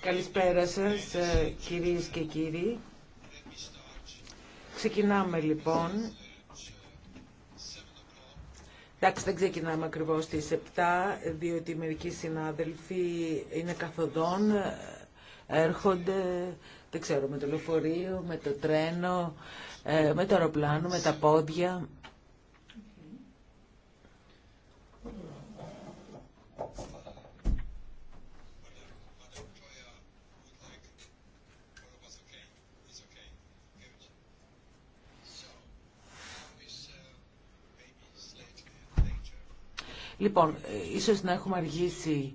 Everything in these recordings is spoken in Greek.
Καλησπέρα σας ε, κυρίες και κύριοι. Ξεκινάμε λοιπόν. Εντάξει, δεν ξεκινάμε ακριβώς στις 7, διότι μερικοί συνάδελφοι είναι καθοδόν, ε, έρχονται, δεν ξέρω, με το λεωφορείο, με το τρένο, ε, με το αεροπλάνο, με τα πόδια. Λοιπόν, ε, ίσως να έχουμε αργήσει,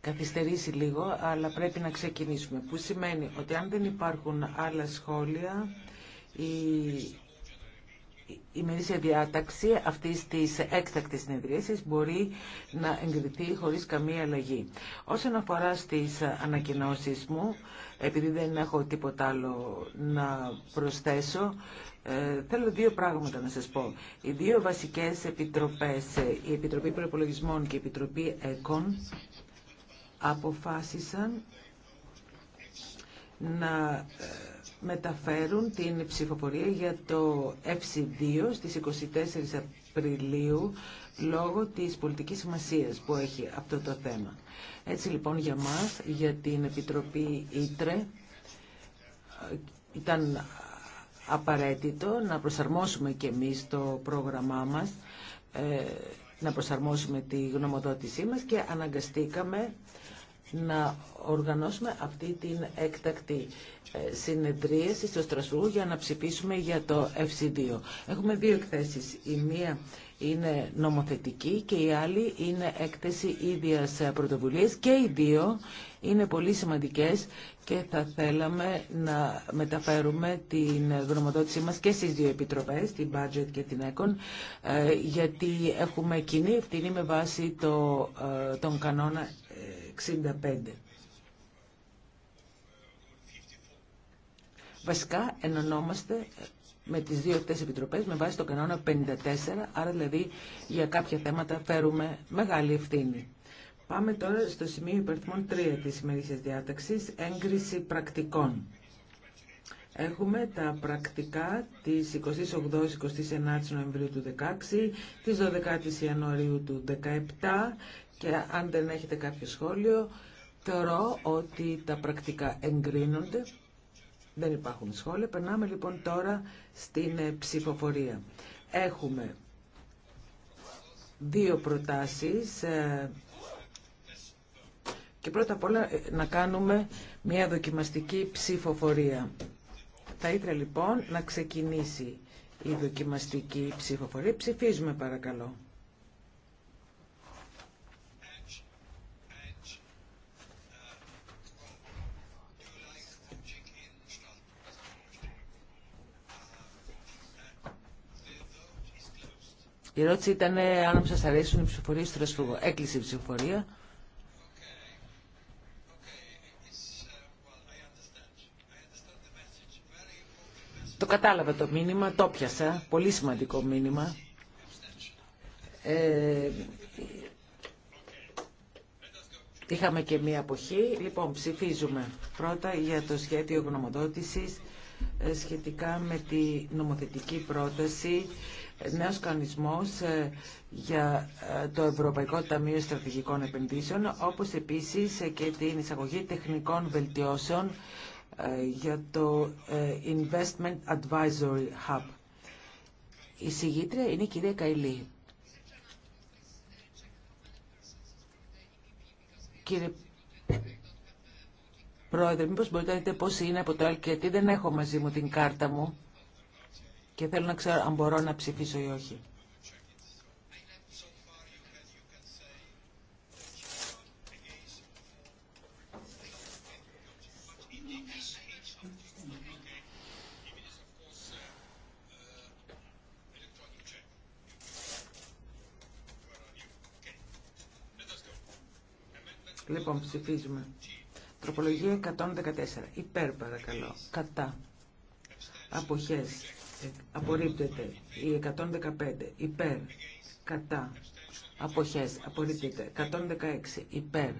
καθυστερήσει λίγο, αλλά πρέπει να ξεκινήσουμε. Που σημαίνει ότι αν δεν υπάρχουν άλλα σχόλια, η μερίσια διάταξη αυτής της έκτακτη συνεδρίαση μπορεί να εγκριθεί χωρίς καμία αλλαγή. Όσον αφορά στις ανακοινώσει μου, επειδή δεν έχω τίποτα άλλο να προσθέσω, ε, θέλω δύο πράγματα να σας πω. Οι δύο βασικές επιτροπές, η Επιτροπή Προπολογισμών και η Επιτροπή ΕΚΟΝ, αποφάσισαν να ε, μεταφέρουν την ψηφοφορία για το FC2 στις 24 Απριλίου λόγω της πολιτικής σημασίας που έχει αυτό το θέμα. Έτσι λοιπόν για μας, για την Επιτροπή Ήτρε, ήταν απαραίτητο να προσαρμόσουμε και εμείς το πρόγραμμά μας, ε, να προσαρμόσουμε τη γνωμοδότησή μας και αναγκαστήκαμε να οργανώσουμε αυτή την έκτακτη ε, συνεδρίαση στο Στρασβούργο για να ψηφίσουμε για το FC2. Έχουμε δύο εκθέσεις. Η μία είναι νομοθετική και η άλλη είναι έκθεση ίδιας πρωτοβουλίας και οι δύο είναι πολύ σημαντικές και θα θέλαμε να μεταφέρουμε την γνωμοδότησή μας και στις δύο επιτροπές, την Budget και την Econ, ε, γιατί έχουμε κοινή ευθύνη με βάση το, ε, τον κανόνα 65. Βασικά ενωνόμαστε με τις δύο αυτές επιτροπές με βάση το κανόνα 54, άρα δηλαδή για κάποια θέματα φέρουμε μεγάλη ευθύνη. Πάμε τώρα στο σημείο υπερθμών 3 της σημερινής διάταξης, έγκριση πρακτικών. Έχουμε τα πρακτικά της 28-29 Νοεμβρίου του 2016, της 12 Ιανουαρίου του 2017 και αν δεν έχετε κάποιο σχόλιο, θεωρώ ότι τα πρακτικά εγκρίνονται. Δεν υπάρχουν σχόλια. Περνάμε λοιπόν τώρα στην ε, ψηφοφορία. Έχουμε δύο προτάσεις ε, και πρώτα απ' όλα ε, να κάνουμε μια δοκιμαστική ψηφοφορία. Θα ήθελα λοιπόν να ξεκινήσει η δοκιμαστική ψηφοφορία. Ψηφίζουμε παρακαλώ. Η ερώτηση ήταν αν σας αρέσουν οι ψηφοφορίες του Ρασφούγου. Έκλεισε η ψηφοφορία. Το κατάλαβα το μήνυμα, το πιασα. Πολύ σημαντικό μήνυμα. Ε, είχαμε και μία αποχή. Λοιπόν, ψηφίζουμε πρώτα για το σχέδιο γνωμοδότησης ε, σχετικά με τη νομοθετική πρόταση νέος κανονισμός ε, για ε, το Ευρωπαϊκό Ταμείο Στρατηγικών Επενδύσεων, όπως επίσης ε, και την εισαγωγή τεχνικών βελτιώσεων για το Investment Advisory Hub. Η συγγήτρια είναι η κυρία Καϊλή. Κύριε Πρόεδρε, μήπως μπορείτε να δείτε πώς είναι από το Αλκέτη, δεν έχω μαζί μου την κάρτα μου και θέλω να ξέρω αν μπορώ να ψηφίσω ή όχι. Λοιπόν, ψηφίζουμε. Τροπολογία 114. Υπέρ παρακαλώ. Κατά. Αποχές απορρίπτεται. Η 115 υπέρ, κατά, αποχές, απορρίπτεται. 116 υπέρ,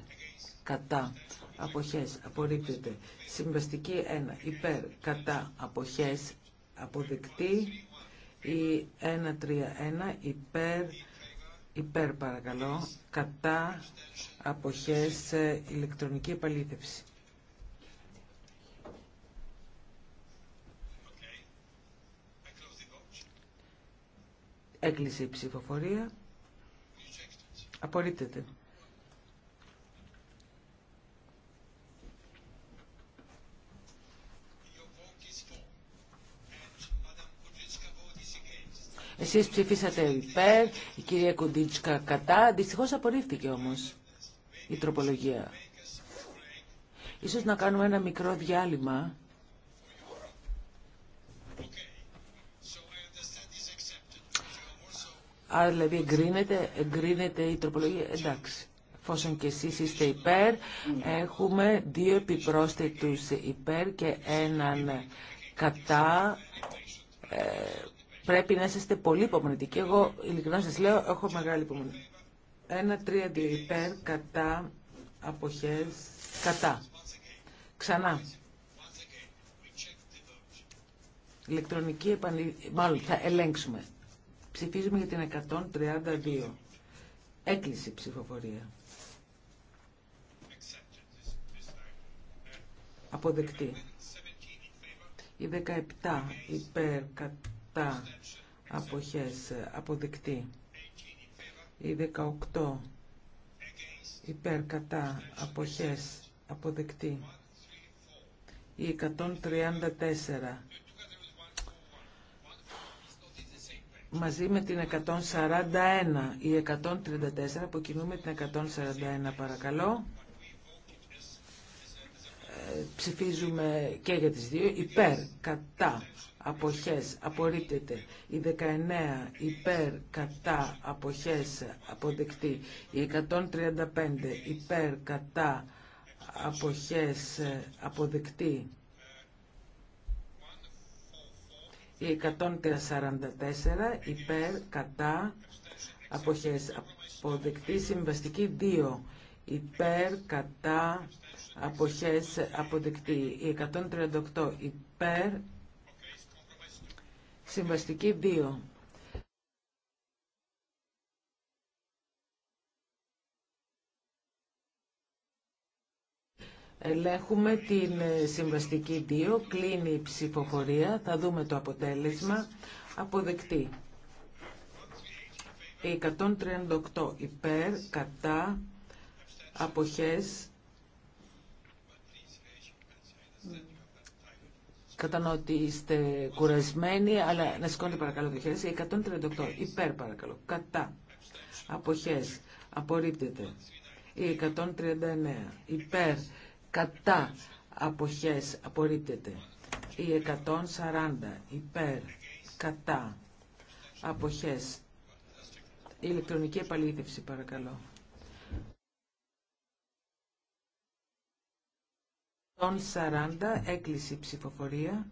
κατά, αποχές, απορρίπτεται. Συμβαστική 1 υπέρ, κατά, αποχές, αποδεκτή. Η 131 υπέρ, υπέρ παρακαλώ, κατά, αποχές, ε, ηλεκτρονική επαλήθευση. Έκλεισε η ψηφοφορία. Απορρίπτεται. Εσείς ψηφίσατε υπέρ, η κυρία Κουντίτσκα κατά. Δυστυχώς απορρίφθηκε όμως η τροπολογία. Ίσως να κάνουμε ένα μικρό διάλειμμα Άρα δηλαδή εγκρίνεται, εγκρίνεται η τροπολογία. Εντάξει. Εφόσον και εσείς είστε υπέρ, έχουμε δύο επιπρόσθετους υπέρ και έναν κατά. Ε, πρέπει να είστε πολύ υπομονητικοί. Εγώ ειλικρινά σας λέω, έχω μεγάλη υπομονή. Ένα, τρία, δύο υπέρ, κατά, αποχές, κατά. Ξανά. Ηλεκτρονική επανήλυση. Μάλλον θα ελέγξουμε. Ψηφίζουμε για την 132. Έκλεισε ψηφοφορία. Αποδεκτή. Η 17 υπέρ κατά αποχές αποδεκτή. Η 18 υπέρ κατά αποχές αποδεκτή. Η 134 μαζί με την 141 ή 134, κινούμε την 141 παρακαλώ. Ε, ψηφίζουμε και για τις δύο, υπέρ, κατά, αποχές, απορρίπτεται. Η 19 υπέρ, κατά, αποχές, αποδεκτή. Η 135 υπέρ, κατά, αποχές, αποδεκτή. Η 144 υπέρ κατά αποχές. Αποδεκτή συμβαστική 2 υπέρ κατά αποχές αποδεκτή. 138 υπέρ συμβαστική 2 Ελέγχουμε την ε, συμβαστική 2, κλείνει η ψηφοφορία, θα δούμε το αποτέλεσμα. Αποδεκτή. 138 υπέρ, κατά, αποχές, Κατανοώ ότι είστε κουρασμένοι, αλλά να σηκώνετε παρακαλώ το χέρι. 138 υπέρ παρακαλώ. Κατά. Αποχές. Απορρίπτεται. 139 υπέρ κατά αποχές απορρίπτεται. Η 140 υπέρ κατά αποχές. Η ηλεκτρονική επαλήθευση παρακαλώ. 140 έκλειση ψηφοφορία.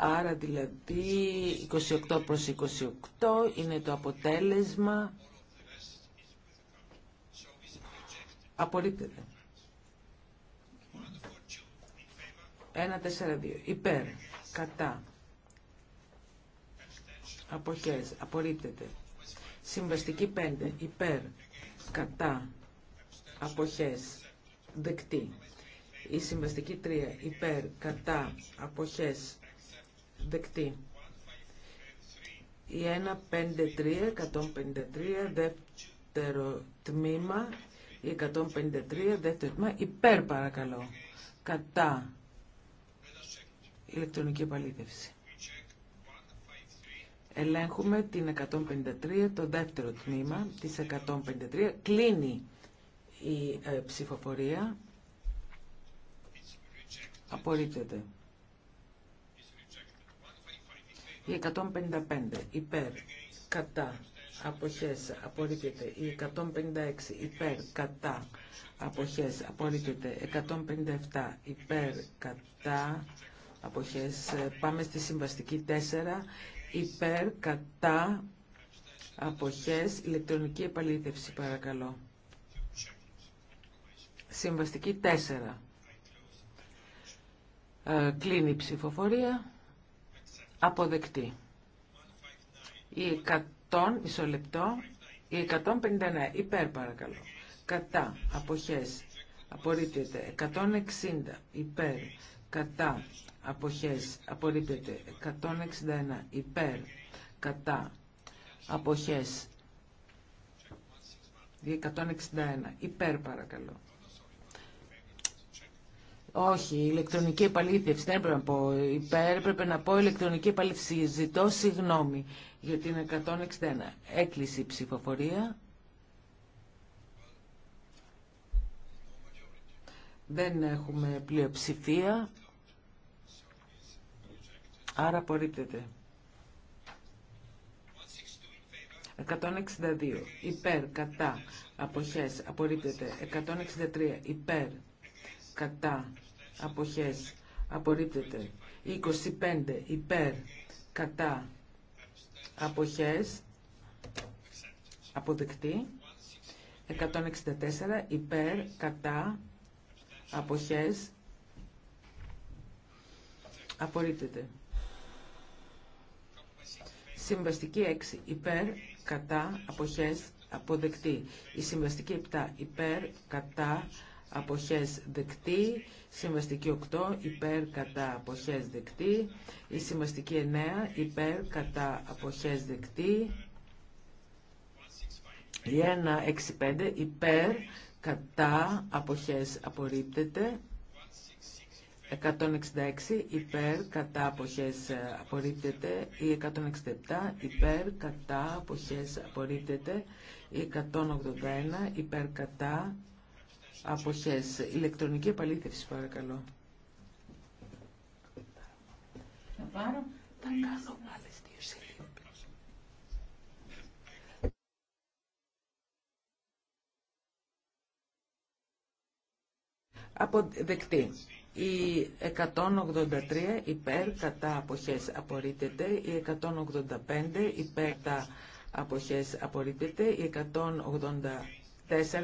Άρα δηλαδή 28 προς 28 είναι το αποτέλεσμα. Απορρίπτεται. 1-4-2. Υπέρ. Κατά. Αποχές. Απορρίπτεται. Συμβαστική 5. Υπέρ. Κατά. Αποχές. Δεκτή. Η συμβαστική 3. Υπέρ. Κατά. Αποχές δεκτή. Η 153, 153, δεύτερο τμήμα, η 153, δεύτερο τμήμα, υπέρ παρακαλώ, κατά ηλεκτρονική επαλήθευση. Ελέγχουμε την 153, το δεύτερο τμήμα της 153, κλείνει η ε, ψηφοφορία, απορρίπτεται. Η 155 υπέρ κατά αποχές απορρίπτεται. Η 156 υπέρ κατά αποχές απορρίπτεται. 157 υπέρ κατά αποχές. Πάμε στη συμβαστική 4 υπέρ κατά αποχές. Ηλεκτρονική επαλήθευση παρακαλώ. Συμβαστική 4. Ε, κλείνει η ψηφοφορία. Αποδεκτή. Η 100, μισό λεπτό, η 159, υπέρ παρακαλώ. Κατά, αποχές, απορρίπτεται. 160, υπέρ, κατά, αποχές, απορρίπτεται. 161, υπέρ, κατά, αποχές. 161, υπέρ παρακαλώ. Όχι, ηλεκτρονική επαλήθευση. Δεν έπρεπε να πω υπέρ, έπρεπε να πω ηλεκτρονική επαλήθευση. Ζητώ συγγνώμη για την 161. Έκλεισε η ψηφοφορία. Δεν έχουμε πλειοψηφία. Άρα απορρίπτεται. 162. Υπέρ, κατά, αποχές, απορρίπτεται. 163. Υπέρ, κατά, αποχές απορρίπτεται 25 υπέρ κατά αποχές αποδεκτή 164 υπέρ κατά αποχές απορρίπτεται Συμβαστική 6 υπέρ κατά αποχές αποδεκτή η συμβαστική 7 υπέρ κατά αποχές δεκτή, συμβαστική 8 υπέρ κατά αποχές δεκτή, η συμβαστική 9 υπέρ κατά αποχές δεκτή, η 165 υπέρ κατά αποχές απορρίπτεται, 166 υπέρ κατά αποχές απορρίπτεται ή 167 υπέρ κατά αποχές απορρίπτεται ή 181 υπέρ κατά αποχές. Ηλεκτρονική επαλήθευση παρακαλώ. Θα πάρω. Θα κάνω δύο Αποδεκτή. Η 183 υπέρ κατά αποχές απορρίπτεται, η 185 υπέρ τα αποχές απορρίπτεται, η 180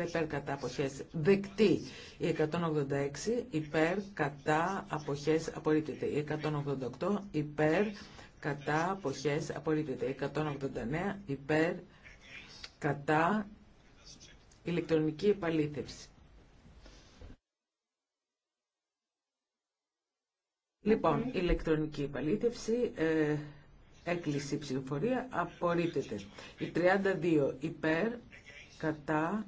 υπέρ κατά αποχές δεκτή. Η 186 υπέρ κατά αποχές απορρίπτεται. Η 188 υπέρ κατά αποχές απορρίπτεται. Η 189 υπέρ κατά ηλεκτρονική επαλήθευση. Λοιπόν, ηλεκτρονική επαλήθευση, ε, έκλειση ψηφοφορία, απορρίπτεται. Η 32 υπέρ, κατά,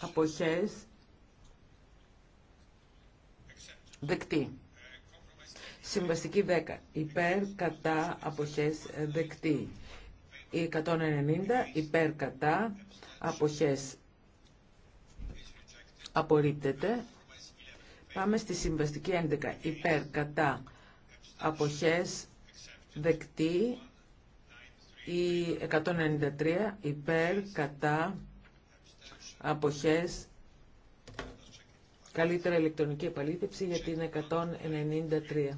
αποχές δεκτή. Συμβαστική 10. Υπέρ κατά αποχές δεκτή. Η 190 υπέρ κατά αποχές απορρίπτεται. Πάμε στη συμβαστική 11. Υπέρ κατά αποχές δεκτή. Η 193 υπέρ κατά αποχές, καλύτερα ηλεκτρονική επαλήθευση για την 193.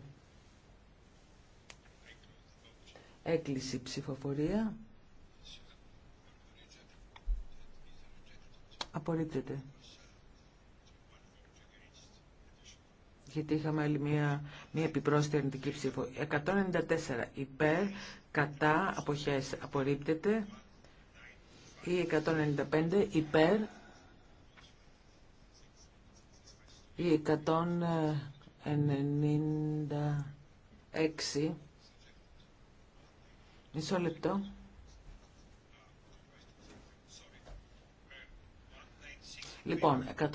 Έκλειση ψηφοφορία. Απορρίπτεται. γιατί είχαμε άλλη μία, μία επιπρόσθετη αρνητική ψήφο. 194 υπέρ, κατά, αποχές απορρίπτεται. Ή 195 υπέρ, Η 196. Μισό λεπτό. Λοιπόν, 196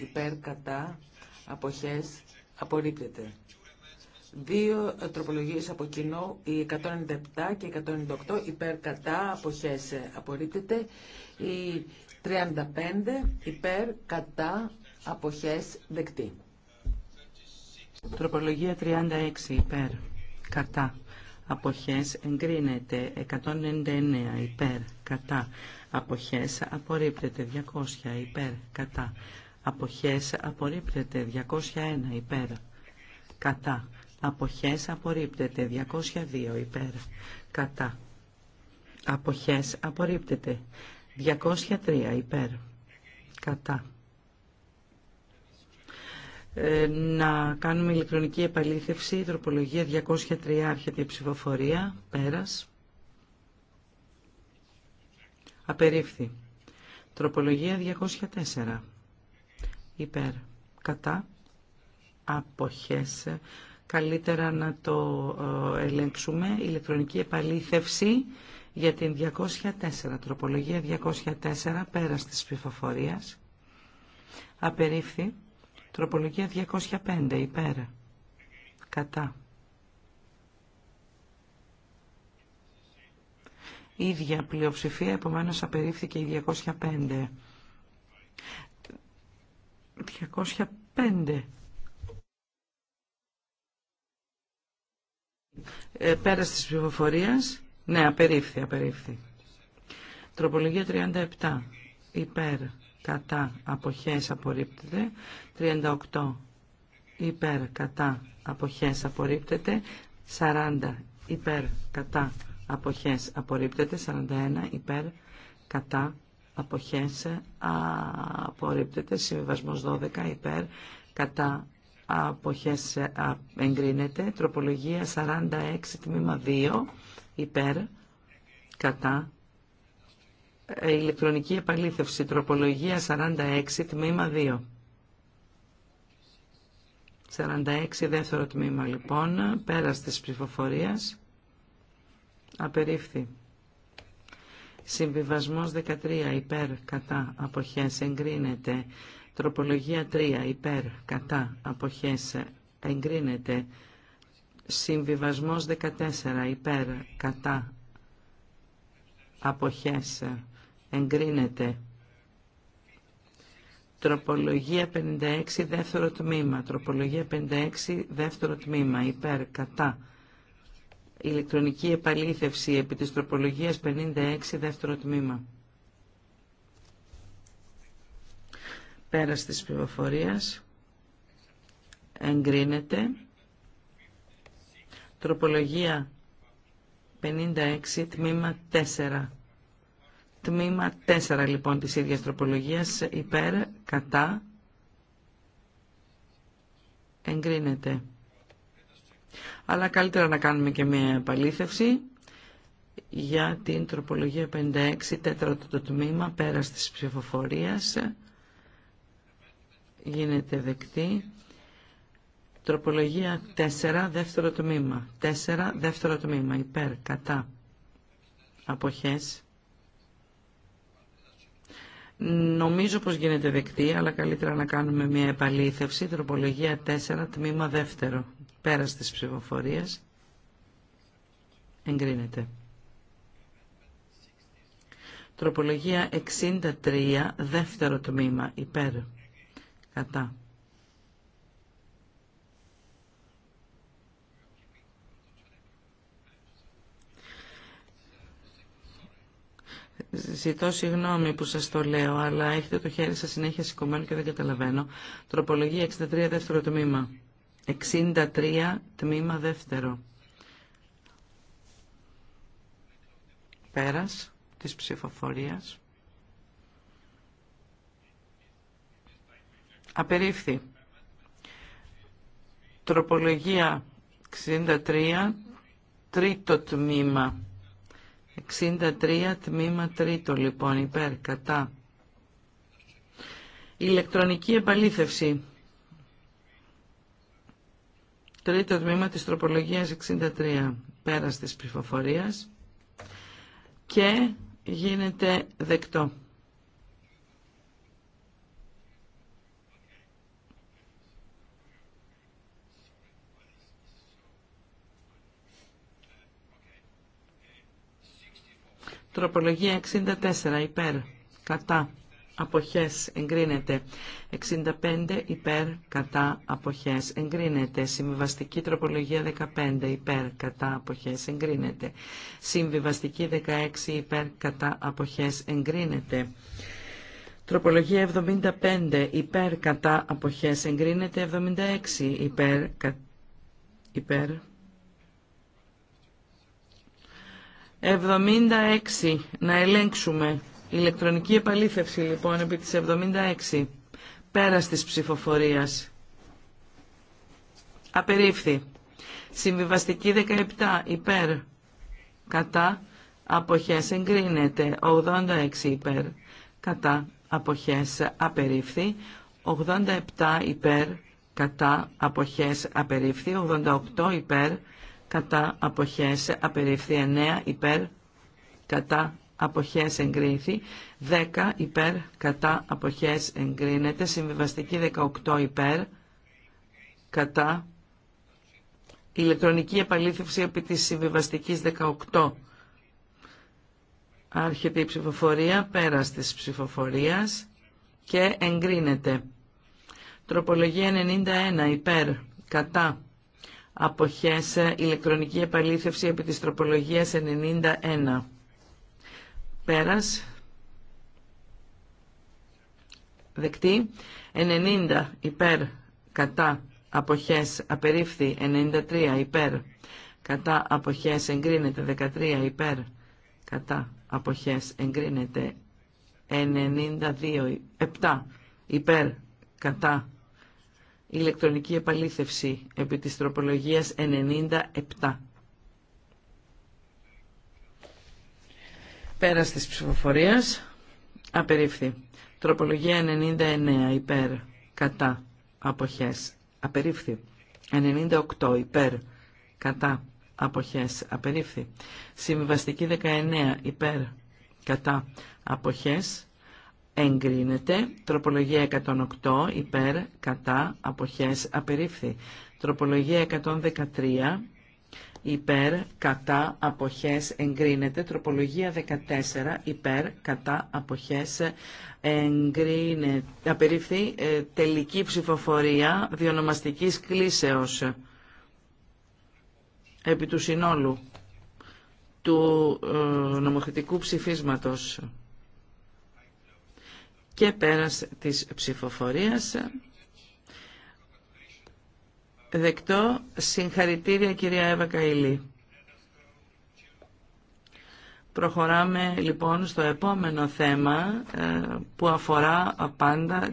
υπέρ κατά αποχές απορρίπτεται. Δύο τροπολογίες από κοινό, η 197 και η 198, υπέρ κατά, αποχές ε, απορρίπτεται. Η 35, υπέρ κατά, αποχές δεκτή. Τροπολογία 36, υπέρ κατά. Αποχές εγκρίνεται 199 υπέρ κατά. Αποχές απορρίπτεται 200 υπέρ κατά. Αποχές απορρίπτεται 201 υπέρ κατά αποχές απορρίπτεται 202 υπέρ κατά αποχές απορρίπτεται 203 υπέρ κατά ε, να κάνουμε ηλεκτρονική επαλήθευση τροπολογία 203 άρχεται η ψηφοφορία πέρας απερίφθη τροπολογία 204 υπέρ κατά αποχές καλύτερα να το ε, ελέγξουμε. Ηλεκτρονική επαλήθευση για την 204, τροπολογία 204, πέρας της ψηφοφορίας. Απερίφθη, τροπολογία 205, υπέρ, κατά. Ίδια πλειοψηφία, επομένως απερίφθηκε η 205. 205. Ε, πέρας της Ναι, απερίφθη, απερίφθη. Τροπολογία 37. Υπέρ, κατά, αποχές, απορρίπτεται. 38. Υπέρ, κατά, αποχές, απορρίπτεται. 40. Υπέρ, κατά, αποχές, απορρίπτεται. 41. Υπέρ, κατά, αποχές, απορρίπτεται. Συμβιβασμός 12. Υπέρ, κατά, αποχές εγκρίνεται. Τροπολογία 46 τμήμα 2 υπέρ κατά ε, ηλεκτρονική επαλήθευση. Τροπολογία 46 τμήμα 2. 46 δεύτερο τμήμα λοιπόν, πέρας της ψηφοφορίας, απερίφθη. Συμβιβασμός 13 υπέρ κατά αποχές εγκρίνεται. Τροπολογία 3. Υπέρ, κατά, αποχές, εγκρίνεται. Συμβιβασμός 14. Υπέρ, κατά, αποχές, εγκρίνεται. Τροπολογία 56, δεύτερο τμήμα. Τροπολογία 56, δεύτερο τμήμα. Υπέρ, κατά. Ηλεκτρονική επαλήθευση επί της τροπολογίας 56, δεύτερο τμήμα. Πέρας της πληροφορίας εγκρίνεται. Τροπολογία 56, τμήμα 4. Τμήμα 4 λοιπόν της ίδιας τροπολογίας υπέρ, κατά, εγκρίνεται. Αλλά καλύτερα να κάνουμε και μια επαλήθευση για την τροπολογία 56, τέταρτο το τμήμα, πέρας της ψηφοφορίας, γίνεται δεκτή. Τροπολογία 4, δεύτερο τμήμα. 4, δεύτερο τμήμα. Υπέρ, κατά. Αποχές. Νομίζω πως γίνεται δεκτή, αλλά καλύτερα να κάνουμε μια επαλήθευση. Τροπολογία 4, τμήμα δεύτερο. Πέρας της ψηφοφορίας. Εγκρίνεται. Τροπολογία 63, δεύτερο τμήμα. Υπέρ Κατά. Ζητώ συγγνώμη που σας το λέω, αλλά έχετε το χέρι σας συνέχεια σηκωμένο και δεν καταλαβαίνω. Τροπολογία 63 δεύτερο τμήμα. 63 τμήμα δεύτερο. Πέρας της ψηφοφορίας. Απερίφθη. Τροπολογία 63, τρίτο τμήμα. 63, τμήμα τρίτο λοιπόν, υπέρ, κατά. Ηλεκτρονική επαλήθευση. Τρίτο τμήμα της τροπολογίας 63, πέρας της ψηφοφορίας και γίνεται δεκτό. Τροπολογία 64 υπέρ κατά αποχές εγκρίνεται. 65 υπέρ κατά αποχές εγκρίνεται. Συμβιβαστική τροπολογία 15 υπέρ κατά αποχές εγκρίνεται. Συμβιβαστική 16 υπέρ κατά αποχές εγκρίνεται. Τροπολογία 75 υπέρ κατά αποχές εγκρίνεται. 76 υπέρ, υπέρ 76. Να ελέγξουμε. Ηλεκτρονική επαλήθευση λοιπόν επί της 76. Πέρας της ψηφοφορίας. Απερίφθη. Συμβιβαστική 17. Υπέρ. Κατά. Αποχές εγκρίνεται. 86 υπέρ. Κατά. Αποχές απερίφθη. 87 υπέρ. Κατά. Αποχές απερίφθη. 88 υπέρ κατά αποχές απεριφθεί 9 υπέρ κατά αποχές εγκρίνθη 10 υπέρ κατά αποχές εγκρίνεται συμβιβαστική 18 υπέρ κατά ηλεκτρονική επαλήθευση επί της συμβιβαστικής 18 άρχεται η ψηφοφορία πέρα της ψηφοφορίας και εγκρίνεται τροπολογία 91 υπέρ κατά αποχές ε, ηλεκτρονική επαλήθευση επί της τροπολογίας 91. Πέρας. Δεκτή. 90 υπέρ κατά αποχές απερίφθη. 93 υπέρ κατά αποχές εγκρίνεται. 13 υπέρ κατά αποχές εγκρίνεται. 92 7 υπέρ κατά ηλεκτρονική επαλήθευση επί της τροπολογίας 97. Πέρας της ψηφοφορίας, απερίφθη. Τροπολογία 99, υπέρ, κατά, αποχές, απερίφθη. 98, υπέρ, κατά, αποχές, απερίφθη. Συμβιβαστική 19, υπέρ, κατά, αποχές, εγκρίνεται. Τροπολογία 108 υπέρ κατά αποχές απερίφθη. Τροπολογία 113 υπέρ κατά αποχές εγκρίνεται. Τροπολογία 14 υπέρ κατά αποχές εγκρίνεται. Απερίφθη ε, τελική ψηφοφορία διονομαστικής κλίσεως επί του συνόλου του ε, νομοθετικού ψηφίσματος και πέρας της ψηφοφορίας. Δεκτό. Συγχαρητήρια κυρία Εύα Καϊλή. Προχωράμε λοιπόν στο επόμενο θέμα ε, που αφορά πάντα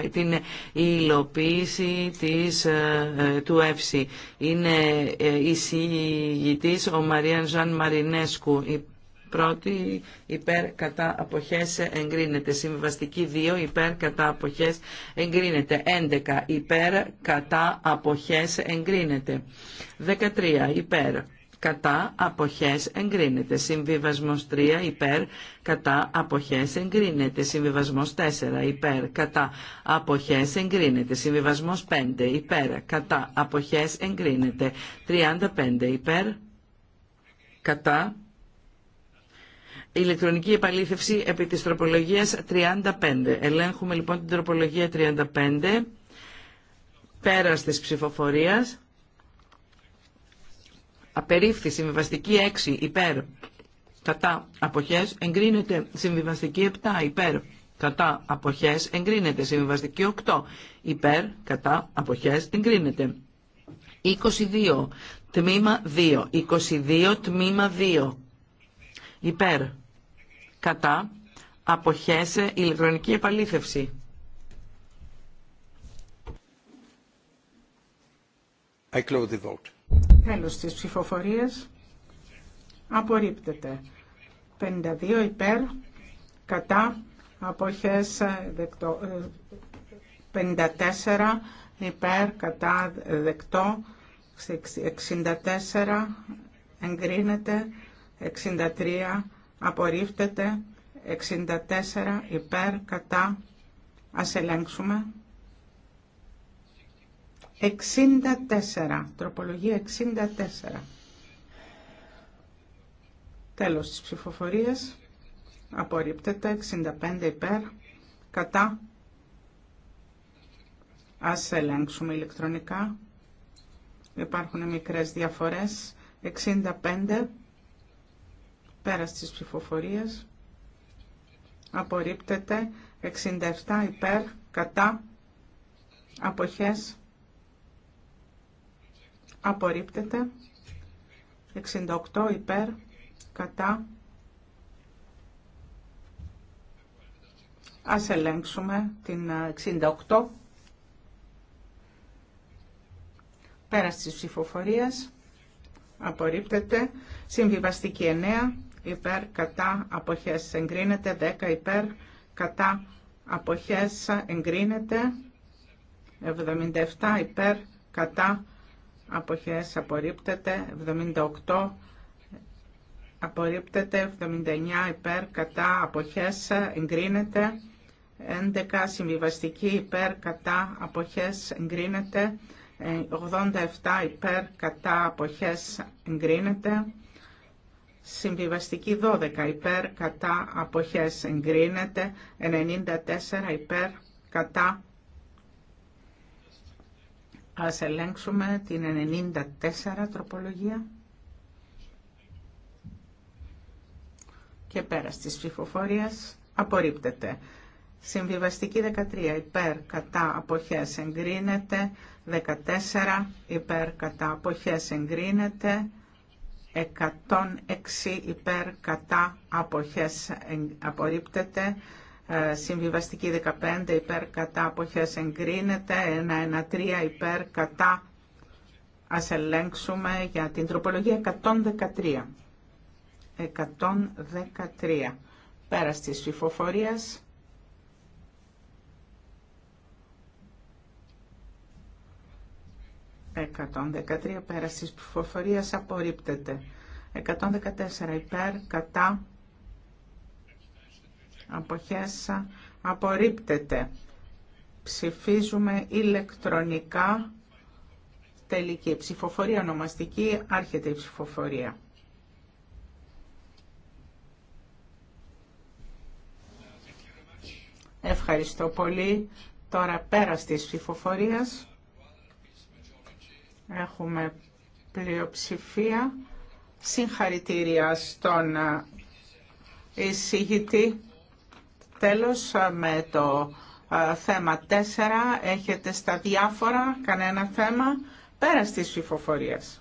ε, την υλοποίηση της, ε, του ΕΦΣΥ. Είναι η εισηγητής ο Μαριάν Ζαν Μαρινέσκου πρώτη υπέρ κατά αποχές εγκρίνεται. Συμβαστική 2 υπέρ κατά αποχές εγκρίνεται. 11 υπέρ κατά αποχές εγκρίνεται. 13 υπέρ κατά αποχές εγκρίνεται. Συμβιβασμός 3 υπέρ κατά αποχές εγκρίνεται. Συμβιβασμός 4 υπέρ κατά αποχές εγκρίνεται. Συμβιβασμός 5 υπέρ κατά αποχές εγκρίνεται. 35 υπέρ κατά ηλεκτρονική επαλήθευση επί της τροπολογίας 35. Ελέγχουμε λοιπόν την τροπολογία 35 πέρας της ψηφοφορίας. Απερίφθη συμβιβαστική 6 υπέρ κατά αποχές εγκρίνεται συμβιβαστική 7 υπέρ κατά αποχές εγκρίνεται συμβιβαστική 8 υπέρ κατά αποχές εγκρίνεται 22 τμήμα 2 22 τμήμα 2 υπέρ κατά αποχέσε ηλεκτρονική επαλήθευση. I close the vote. Τέλος της ψηφοφορίας. Απορρίπτεται. 52 υπέρ, κατά, αποχές 54 υπέρ, κατά, δεκτό, 64 εγκρίνεται, 63 απορρίφτεται, 64 υπέρ, κατά, ας ελέγξουμε. 64, τροπολογία 64. Τέλος της ψηφοφορίας, απορρίπτεται, 65 υπέρ, κατά, ας ελέγξουμε ηλεκτρονικά. Υπάρχουν μικρές διαφορές, 65 Πέρας της ψηφοφορίας απορρίπτεται 67 υπέρ κατά αποχές απορρίπτεται 68 υπέρ κατά Ας ελέγξουμε την 68 ε, πέρας της ψηφοφορίας απορρίπτεται συμβιβαστική 9 υπέρ κατά αποχές εγκρίνεται 10 υπέρ κατά αποχές εγκρίνεται 77 υπέρ κατά αποχές απορρίπτεται 78 απορρίπτεται 79 υπέρ κατά αποχές εγκρίνεται 11 συμβιβαστική υπέρ κατά αποχές εγκρίνεται 87 ε, υπέρ κατά αποχές εγκρίνεται Συμβιβαστική 12 υπέρ κατά αποχές εγκρίνεται. 94 υπέρ κατά. Ας ελέγξουμε την 94 τροπολογία. Και πέρα της ψηφοφορίας απορρίπτεται. Συμβιβαστική 13 υπέρ κατά αποχές εγκρίνεται. 14 υπέρ κατά αποχές εγκρίνεται. 106 υπέρ κατά αποχές απορρίπτεται. Ε, συμβιβαστική 15 υπέρ κατά αποχές εγκρίνεται. 113 υπέρ κατά ας ελέγξουμε για την τροπολογία 113. 113. Πέρα της ψηφοφορίας 113 πέρα της ψηφοφορίας απορρίπτεται. 114 υπέρ, κατά, αποχέσα, απορρίπτεται. Ψηφίζουμε ηλεκτρονικά τελική ψηφοφορία, ονομαστική, άρχεται η ψηφοφορία. Ευχαριστώ πολύ. Τώρα πέρα της ψηφοφορίας Έχουμε πλειοψηφία. Συγχαρητήρια στον ε, εισηγητή. Τέλος ε, με το ε, θέμα 4. Έχετε στα διάφορα κανένα θέμα πέρα της ψηφοφορίας.